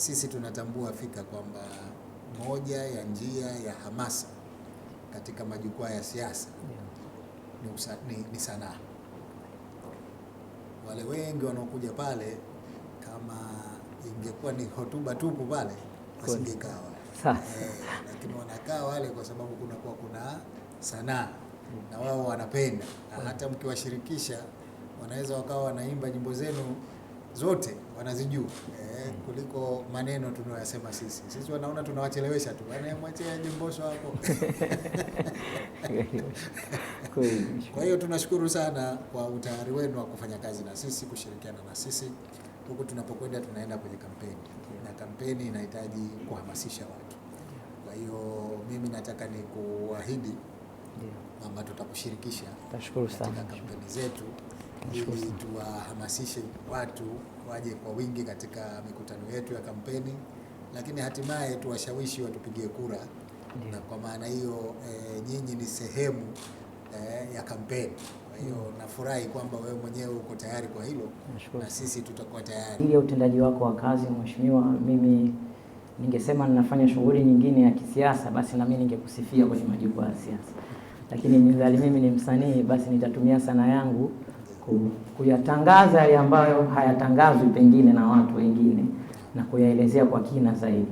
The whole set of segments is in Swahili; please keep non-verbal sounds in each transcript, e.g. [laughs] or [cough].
sisi tunatambua fika kwamba moja ya njia ya hamasa katika majukwaa ya siasa yeah. ni, ni sanaa. Wale wengi wanaokuja pale, kama ingekuwa ni hotuba tupu pale wasingekawa [laughs] eh, lakini wanakaa wale kwa sababu kunakuwa kuna sanaa na wao wanapenda, na hata mkiwashirikisha wanaweza wakawa wanaimba nyimbo zenu zote wanazijua eh, kuliko maneno tunayoyasema sisi. Sisi wanaona tunawachelewesha tu, yaani, mwachia jomboso hapo [laughs] Kwa hiyo tunashukuru sana kwa utayari wenu wa kufanya kazi na sisi, kushirikiana na sisi huku tunapokwenda. Tunaenda kwenye kampeni na kampeni inahitaji kuhamasisha watu. Kwa hiyo mimi nataka ni kuahidi kwamba tutakushirikisha katika kampeni zetu ili tuwahamasishe watu waje kwa wingi katika mikutano yetu ya kampeni, lakini hatimaye tuwashawishi watupigie kura Ndiyo. Na kwa maana hiyo e, nyinyi ni sehemu e, ya kampeni. Kwa hiyo hmm. nafurahi kwamba wewe mwenyewe uko tayari kwa hilo Na sisi tutakuwa tayari ili utendaji wako wa kazi mheshimiwa. Mimi ningesema ninafanya shughuli nyingine ya kisiasa, basi nami ningekusifia kwenye majukwaa ya siasa, lakini mizali mimi ni msanii, basi nitatumia sanaa yangu kuyatangaza yale ambayo hayatangazwi pengine na watu wengine na kuyaelezea kwa kina zaidi.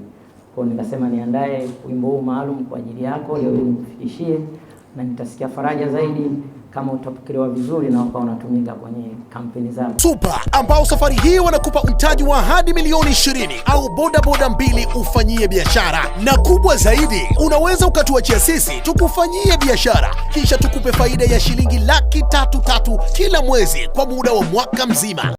Kwa hiyo nikasema niandae wimbo huu maalum kwa ajili yako leo nikufikishie, na nitasikia faraja zaidi kama utapokelewa vizuri na ambao unatumika kwenye kampeni zao. Super ambao safari hii wanakupa mtaji wa hadi milioni 20 au bodaboda mbili ufanyie biashara, na kubwa zaidi, unaweza ukatuachia sisi tukufanyie biashara kisha tukupe faida ya shilingi laki tatu tatu kila mwezi kwa muda wa mwaka mzima.